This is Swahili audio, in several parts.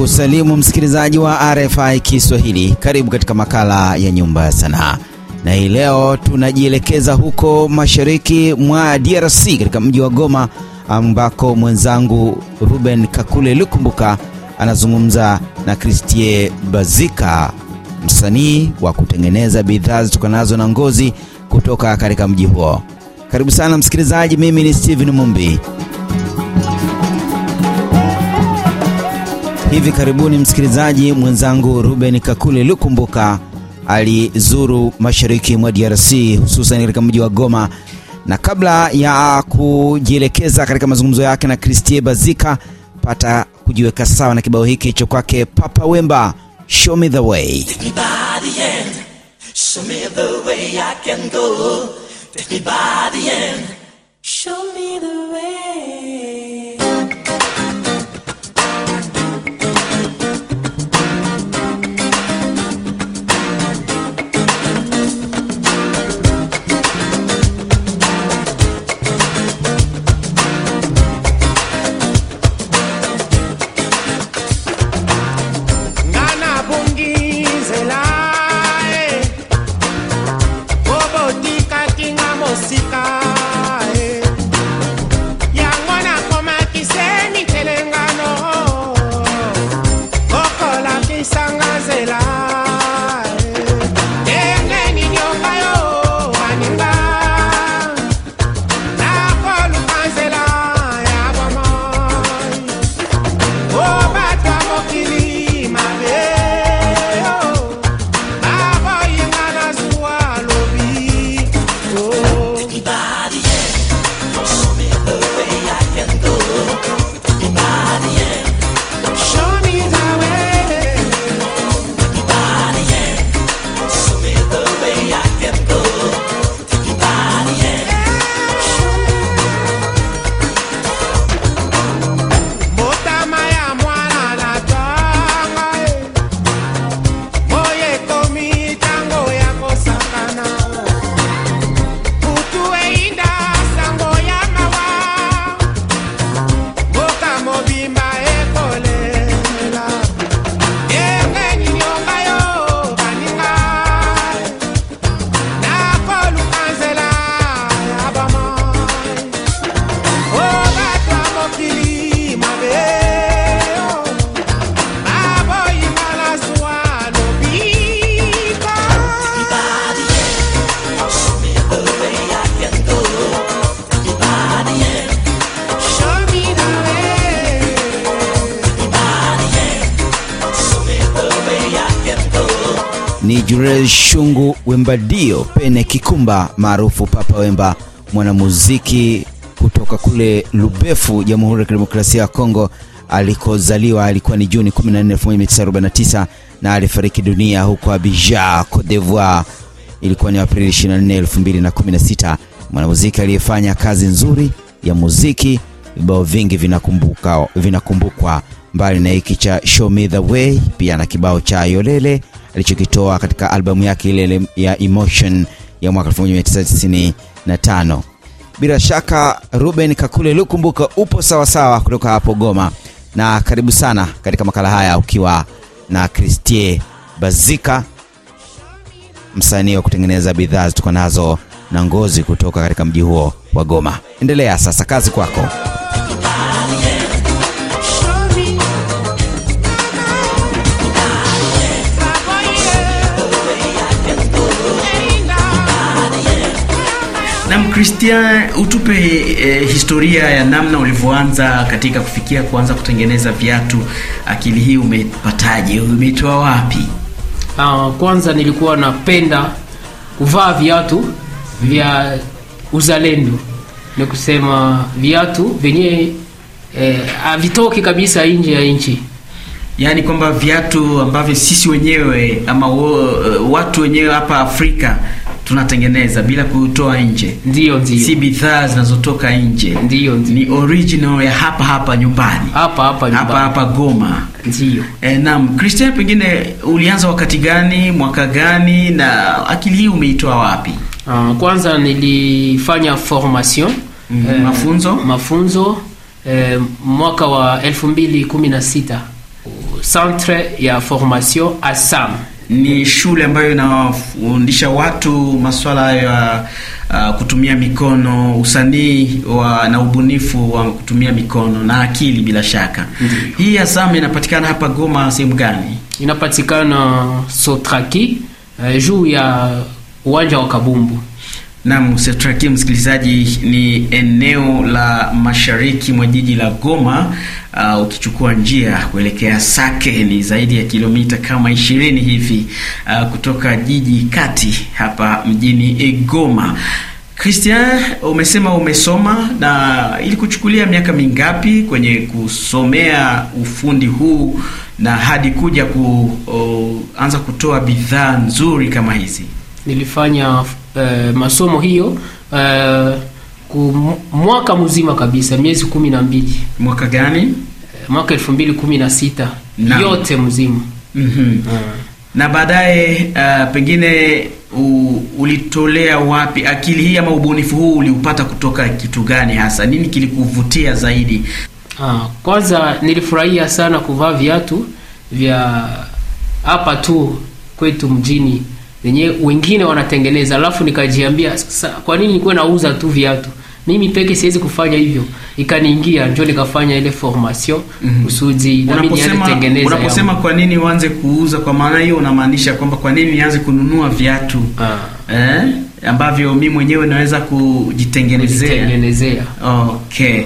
kusalimu msikilizaji wa RFI Kiswahili. Karibu katika makala ya Nyumba ya Sanaa, na hii leo tunajielekeza huko mashariki mwa DRC katika mji wa Goma, ambako mwenzangu Ruben Kakule Lukumbuka anazungumza na Christie Bazika, msanii wa kutengeneza bidhaa zitokanazo na ngozi kutoka katika mji huo. Karibu sana msikilizaji, mimi ni Steven Mumbi. Hivi karibuni msikilizaji mwenzangu Ruben Kakule Lukumbuka alizuru mashariki mwa DRC hususan katika mji wa Goma, na kabla ya kujielekeza katika mazungumzo yake na Christie Bazika, pata kujiweka sawa na kibao hiki cho kwake Papa Wemba, show me the way. Take me by the end. Show me the way. ni Jurel Shungu Wembadio Pene Kikumba maarufu Papa Wemba, mwanamuziki kutoka kule Lubefu, Jamhuri ya Kidemokrasia ya Kongo alikozaliwa. Alikuwa ni Juni 14, 1949 na alifariki dunia huko Abidjan, Cote d'Ivoire, ilikuwa ni Aprili 24, 2016. Mwanamuziki aliyefanya kazi nzuri ya muziki, vibao vingi vinakumbukwa, vinakumbukwa mbali na hiki cha Show Me The Way, pia na kibao cha Yolele alichokitoa katika albamu yake ile ya Emotion ya mwaka 1995. Bila shaka Ruben Kakule Lukumbuka, upo sawasawa sawa kutoka hapo Goma, na karibu sana katika makala haya ukiwa na Christie Bazika, msanii wa kutengeneza bidhaa nazo na ngozi kutoka katika mji huo wa Goma. Endelea sasa, kazi kwako. Christian, utupe e, historia ya namna ulivyoanza katika kufikia kuanza kutengeneza viatu. Akili hii umepataje? Umeitoa wapi? Uh, kwanza nilikuwa napenda kuvaa viatu vya uzalendo, ni kusema viatu vyenye eh, havitoki e, kabisa nje ya nchi yaani kwamba viatu ambavyo sisi wenyewe ama eh, watu wenyewe hapa Afrika tunatengeneza bila kutoa nje. Ndio, ndio, si bidhaa zinazotoka nje. Ndio, ndio, ni original ya hapa hapa nyumbani, hapa hapa nyumbani, hapa hapa Goma. Ndio. E, naam. Christian, pengine ulianza wakati gani, mwaka gani, na akili hii umeitoa wapi? Uh, kwanza nilifanya formation mm -hmm. eh, mafunzo mafunzo eh, mwaka wa 2016 centre ya formation ASAM mm -hmm ni shule ambayo inawafundisha watu masuala ya uh, kutumia mikono, usanii wa, na ubunifu wa kutumia mikono na akili bila shaka. Hii ASAM inapatikana hapa Goma sehemu gani? Inapatikana Sotraki, uh, juu ya uwanja wa Kabumbu. Nam usitrakie msikilizaji, ni eneo la mashariki mwa jiji la Goma. Uh, ukichukua njia kuelekea Sake ni zaidi ya kilomita kama ishirini hivi uh, kutoka jiji kati hapa mjini Goma. Christian, umesema umesoma na ili kuchukulia miaka mingapi kwenye kusomea ufundi huu na hadi kuja kuanza uh, kutoa bidhaa nzuri kama hizi? Nilifanya uh, masomo hiyo uh, mwaka mzima kabisa, miezi kumi na mbili. Mwaka gani? Eh, mwaka elfu mbili kumi na sita yote mzima. mm -hmm. uh. Na baadaye uh, pengine u, ulitolea wapi akili hii ama ubunifu huu uliupata kutoka kitu gani hasa? Nini kilikuvutia zaidi? Ah, kwanza nilifurahia sana kuvaa viatu vya hapa tu kwetu mjini wenyewe wengine wanatengeneza, alafu nikajiambia sasa, kwa nini nikuwe nauza tu viatu mimi peke siwezi kufanya hivyo, ikaniingia njo nikafanya ile formation kusudi mm -hmm. Unaposema, unaposema kwa nini uanze kuuza, kwa maana hiyo unamaanisha kwamba kwa nini nianze kununua viatu ah. eh? ambavyo mi mwenyewe naweza kujitengenezea kujitengenezea. Okay,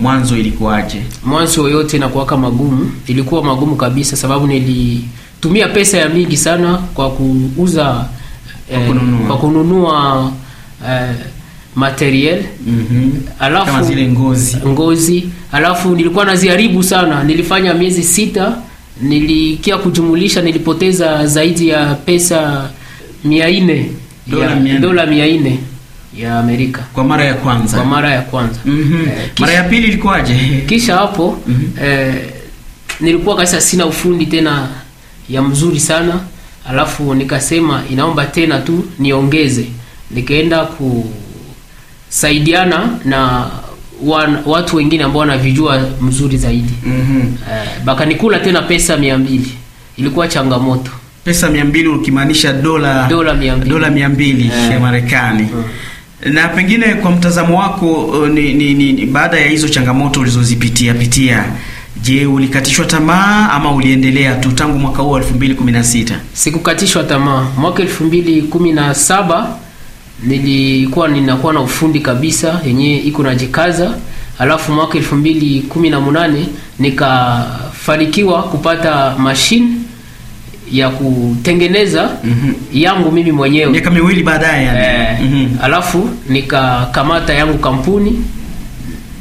mwanzo ilikuwaje? Mwanzo yote inakuwaka magumu, ilikuwa magumu kabisa, sababu nili tumia pesa ya mingi sana kwa kuuza eh, kwa kununua, eh, materiel mm -hmm. Alafu kama zile ngozi ngozi, alafu nilikuwa naziharibu sana. Nilifanya miezi sita, nilikia kujumulisha, nilipoteza zaidi ya pesa mia nne dola mia nne ya Amerika kwa mara ya kwanza, kwa mara ya kwanza mm -hmm. Eh, kisha, mara ya pili ilikuwaje? Kisha hapo mm -hmm. eh, nilikuwa kabisa sina ufundi tena ya mzuri sana, alafu nikasema inaomba tena tu niongeze, nikaenda kusaidiana na wan, watu wengine ambao wanavijua mzuri zaidi mm -hmm. Eh, bakanikula tena pesa mia mbili ilikuwa changamoto pesa mia mbili ukimaanisha dola dola mia mbili, dola mia mbili eh. ya Marekani mm. Na pengine kwa mtazamo wako eh, ni, ni, ni, baada ya hizo changamoto ulizozipitia pitia Je, ulikatishwa tamaa ama uliendelea tu tangu mwaka huu 2016? Sikukatishwa tamaa. Mwaka 2017 nilikuwa ninakuwa na ufundi kabisa yenye iko na jikaza alafu mwaka 2018 nikafanikiwa kupata mashine ya kutengeneza mm -hmm. yangu mimi mwenyewe miaka miwili baadaye yani. E, mm -hmm. Alafu nikakamata yangu kampuni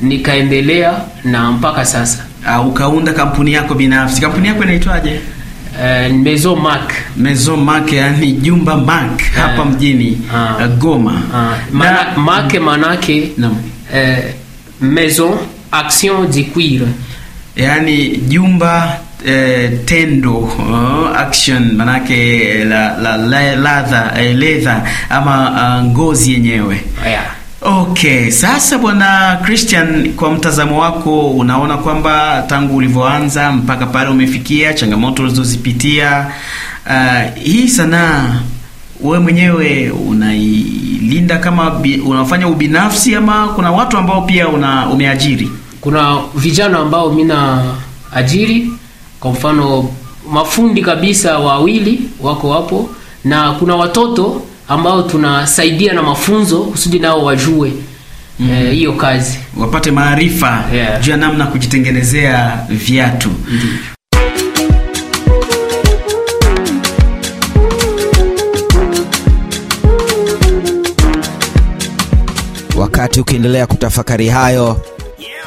nikaendelea na mpaka sasa uh, ukaunda kampuni yako binafsi. Kampuni yako inaitwaje? Uh, Maison Mark. Maison Mark yani jumba Mark uh, hapa eh. mjini uh, Goma. Uh, na, Mark e manake no. Uh, Maison Action de Cuir. Yani jumba eh, tendo uh, action manake la la la, la, la, la, ama uh, ngozi yenyewe. Yeah. Okay, sasa bwana Christian, kwa mtazamo wako unaona kwamba tangu ulivyoanza mpaka pale umefikia, changamoto ulizozipitia, uh, hii sanaa wewe mwenyewe unailinda kama bi, unafanya ubinafsi ama kuna watu ambao pia una, umeajiri? Kuna vijana ambao mimi na ajiri, kwa mfano mafundi kabisa wawili wako hapo, na kuna watoto ambao tunasaidia na mafunzo kusudi nao wajue mm-hmm. eh, hiyo mm -hmm. kazi wapate maarifa yeah. juu ya namna kujitengenezea viatu mm -hmm. Wakati ukiendelea kutafakari hayo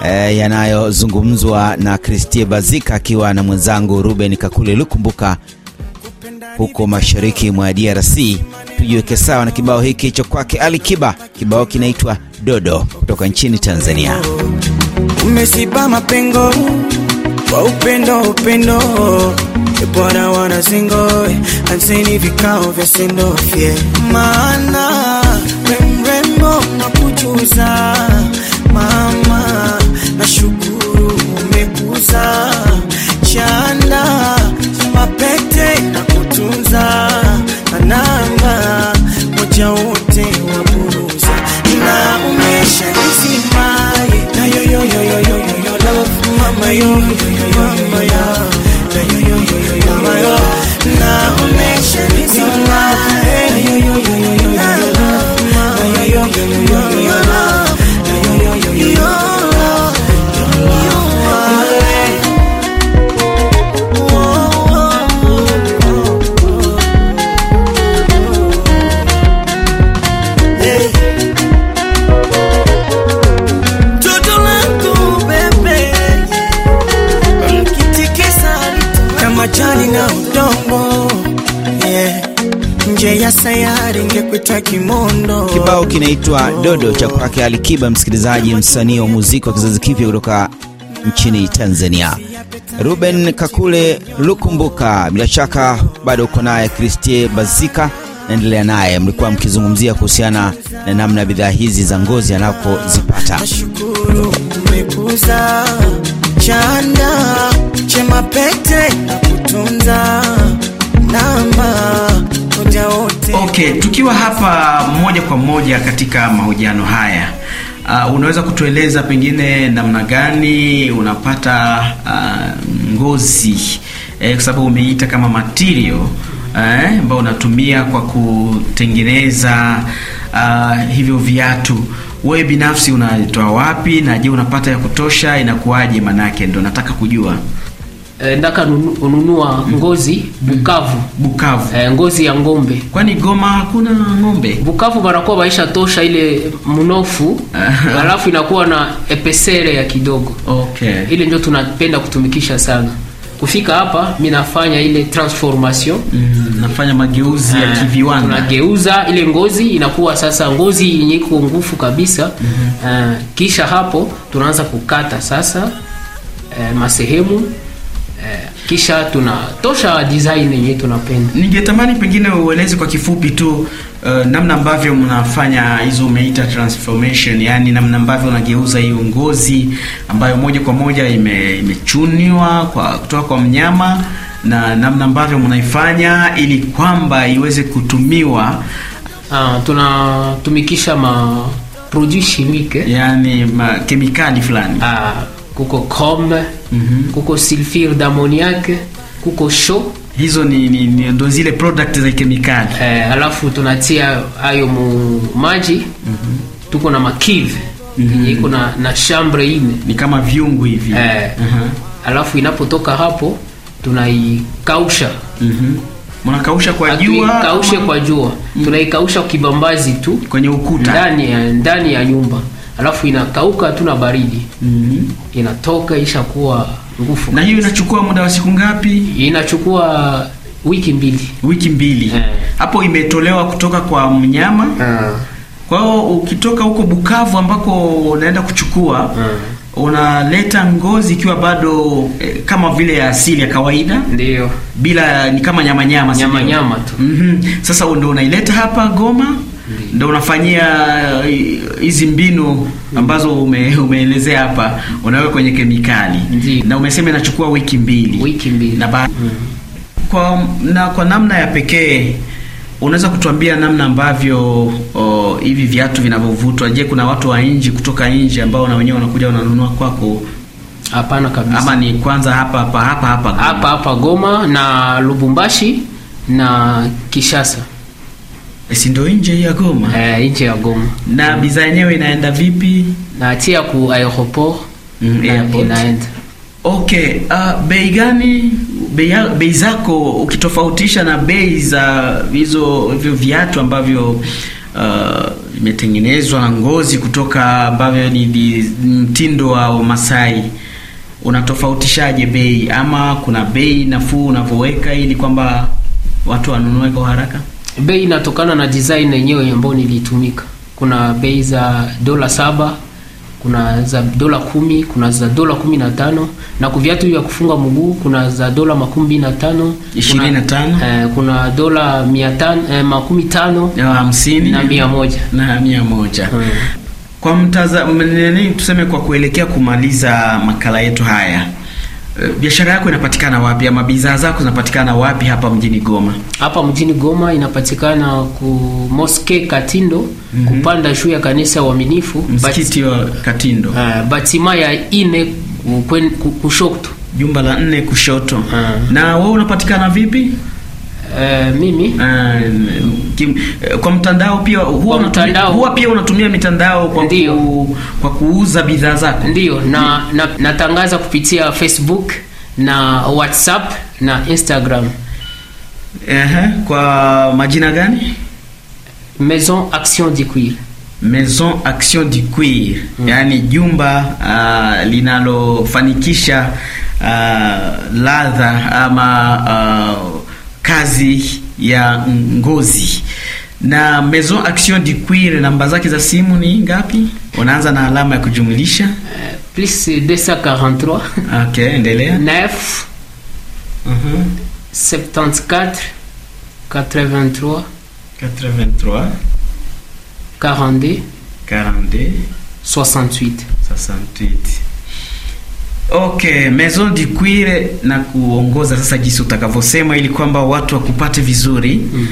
eh, yanayozungumzwa na Christie Bazika akiwa na mwenzangu Ruben Kakule Lukumbuka huko mashariki mwa DRC. Tujiweke sawa na kibao hiki cha kwake Ali Kiba. Kibao kinaitwa Dodo kutoka nchini Tanzania. Umesiba mapengo kwa upendo upendo, Bwana wanazingo, anzeni vikao vya sendofye maana Kibao kinaitwa Dodo cha kwake Alikiba, msikilizaji, msanii wa muziki wa kizazi kipya kutoka nchini Tanzania. Ruben Kakule Lukumbuka, bila shaka bado uko naye. Christie Bazika, naendelea naye, mlikuwa mkizungumzia kuhusiana na namna bidhaa hizi za ngozi anapozipata. chanda chema pete na kutunza namba Okay, tukiwa hapa moja kwa moja katika mahojiano haya uh, unaweza kutueleza pengine namna gani unapata uh, ngozi eh, kwa sababu umeita kama material eh, ambayo unatumia kwa kutengeneza uh, hivyo viatu wewe binafsi unatoa wapi na je, unapata ya kutosha? Inakuwaje? Manake ndo nataka kujua. Eh, Ndaka ununua ngozi Bukavu, Bukavu. E, ngozi ya ngombe, kwani Goma hakuna ngombe. Bukavu wanakuwa baisha tosha ile mnofu alafu inakuwa na epesere ya kidogo okay. Ile ndio tunapenda kutumikisha sana kufika hapa, mimi nafanya ile transformation mm, nafanya mageuzi ya eh, kiviwanda. nageuza ile ngozi inakuwa sasa ngozi yenye iko ngufu kabisa mm -hmm. uh, kisha hapo tunaanza kukata sasa uh, masehemu Eh, kisha tunatosha design yenye tunapenda. Ningetamani pengine ueleze kwa kifupi tu uh, namna ambavyo mnafanya hizo umeita transformation, yani namna ambavyo unageuza hiyo ngozi ambayo moja kwa moja ime, imechuniwa kwa kutoka kwa mnyama na namna ambavyo mnaifanya ili kwamba iweze kutumiwa. Uh, tunatumikisha ma produce chimique, yani ma kemikali fulani ah, kuko chrome mm -hmm. kuko sulfure d'ammoniac kuko sho hizo ni, ni, ni ndo zile product za kemikali eh, alafu tunatia hayo mu maji mm -hmm. tuko na makive mm -hmm. iko na, na chambre ine ni kama viungu hivi eh, uh-huh. alafu inapotoka hapo tunaikausha mm -hmm mnakausha kwa jua kaushe kwa jua mm. tunaikausha kibambazi tu kwenye ukuta ndani ya, ndani ya nyumba alafu inakauka tu na baridi mm -hmm. inatoka ishakuwa ngufu. Na hiyo inachukua muda wa siku ngapi? Inachukua wiki mbili. Wiki mbili eh. hapo yeah. Imetolewa kutoka kwa mnyama yeah. Kwa hiyo ukitoka huko Bukavu ambako unaenda kuchukua yeah. Unaleta ngozi ikiwa bado eh, kama vile ya asili ya kawaida, ndio bila ni kama nyamanyama nyama tu mm -hmm. Sasa ndio unaileta hapa Goma ndio unafanyia uh, hizi mbinu ambazo ume, umeelezea hapa, unaweka kwenye kemikali Ndi. na umesema inachukua wiki mbili, wiki mbili. Na ba mm. kwa, na kwa namna ya pekee unaweza kutuambia namna ambavyo hivi viatu vinavyovutwa? Je, kuna watu wa nje kutoka nje ambao na wenyewe wanakuja wananunua kwako? Hapana kabisa. Ama ni kwanza hapa hapa hapa hapa hapa hapa Goma na Lubumbashi na Kishasa. Eh, si ndo nje ya Goma? Eh, nje ya Goma. Na bidhaa yenyewe inaenda vipi? Naatia ku aeroport. Mm, Inaenda. Okay, uh, bei gani bei zako ukitofautisha na bei za hizo hivyo viatu ambavyo uh, imetengenezwa ngozi kutoka ambavyo ni mtindo wa Masai unatofautishaje bei ama kuna bei nafuu unavyoweka ili kwamba watu wanunue kwa haraka? bei inatokana na design yenyewe ambayo nilitumika. Kuna bei za dola saba, kuna za dola kumi, kuna za dola kumi na tano na kwa viatu vya kufunga mguu kuna za dola makumi na tano ishirini na tano eh, kuna dola eh, makumi tano hamsini na mia moja na mia moja hmm. Kwa mtazamo tuseme, kwa kuelekea kumaliza makala yetu haya Eh, biashara yako inapatikana wapi ama bidhaa zako zinapatikana wapi hapa mjini Goma? Hapa mjini Goma inapatikana ku Mosque Katindo mm -hmm. kupanda juu ya kanisa ya Uaminifu, msikiti wa Katindo uh, ah, batima ya ine kushoto, jumba la nne kushoto. Uh, na wewe unapatikana vipi? Eh, mimi uh, kim, eh, kwa mtandao pia huwa mtandao, huwa pia unatumia mitandao kwa, ku, kwa kuuza bidhaa zako ndio na, na natangaza kupitia Facebook na WhatsApp na Instagram. Ehe, kwa majina gani? Maison Action du Cuir. Maison Action du Cuir mm. yani jumba uh, linalofanikisha uh, ladha ama uh, kazi ya ngozi. Na Maison Action du Cuir, namba zake za simu ni ngapi? Unaanza na alama ya kujumlisha eh, plus 243. Okay, endelea 9 74 83 83 42 42 68 68 ok Maison du Cuir na kuongoza sasa, jinsi utakavyosema ili kwamba watu wakupate vizuri mm.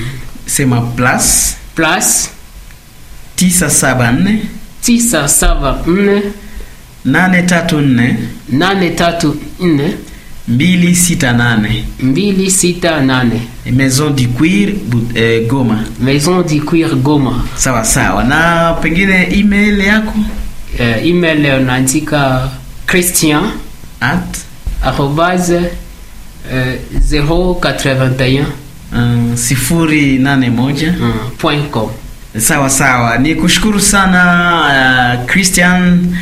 Sema plus plus 974 974 834 834 Maison du Cuir eh, Goma. Maison du Cuir Goma. Sawa sawa, na pengine email yako? Eh, email naandika Christian at arobase zero 081 um, sifuri nane moja euh, point com. Sawa sawa, ni kushukuru sana uh, Christian.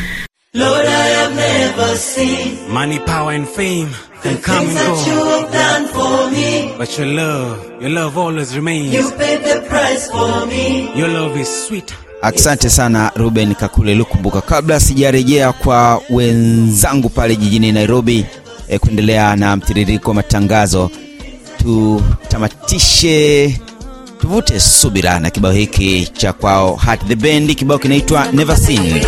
Lord, I have never seen money, power and fame can come and go. you have done for me, but your love, your love always remains. You paid the price for me. Your love is sweet Asante sana Ruben Kakule Lukumbuka. Kabla sijarejea kwa wenzangu pale jijini Nairobi e, kuendelea na mtiririko matangazo, tutamatishe, tuvute subira na kibao hiki cha kwao Hart the Band. Kibao kinaitwa Never Seen.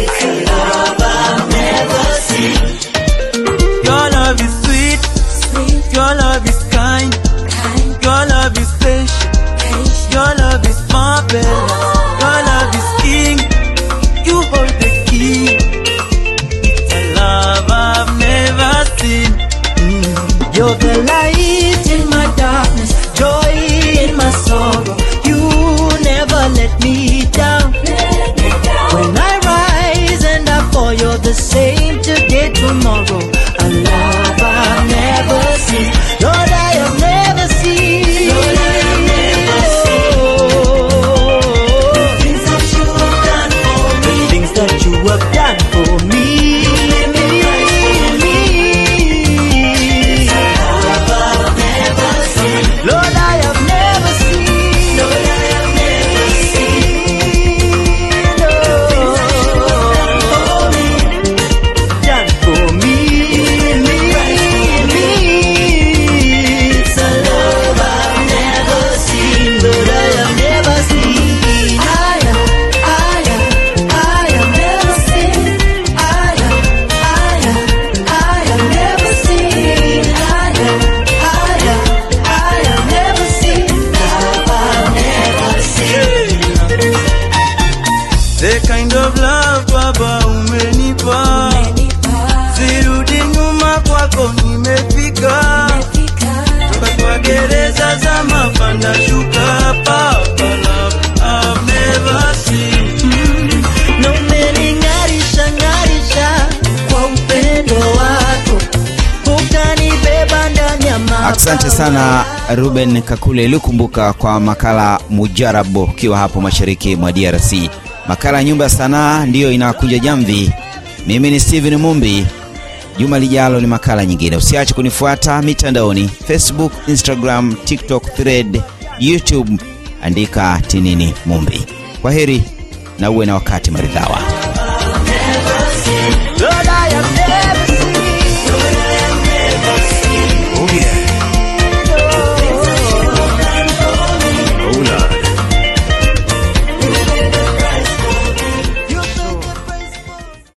sana Ruben Kakule ilikumbuka kwa makala Mujarabu, ukiwa hapo mashariki mwa DRC. Makala ya Nyumba ya Sanaa ndiyo inakuja jamvi. Mimi ni Steven Mumbi. Juma lijalo ni makala nyingine. Usiache kunifuata mitandaoni Facebook, Instagram, TikTok, Thread, YouTube, andika Tinini Mumbi. Kwa heri na uwe na wakati maridhawa.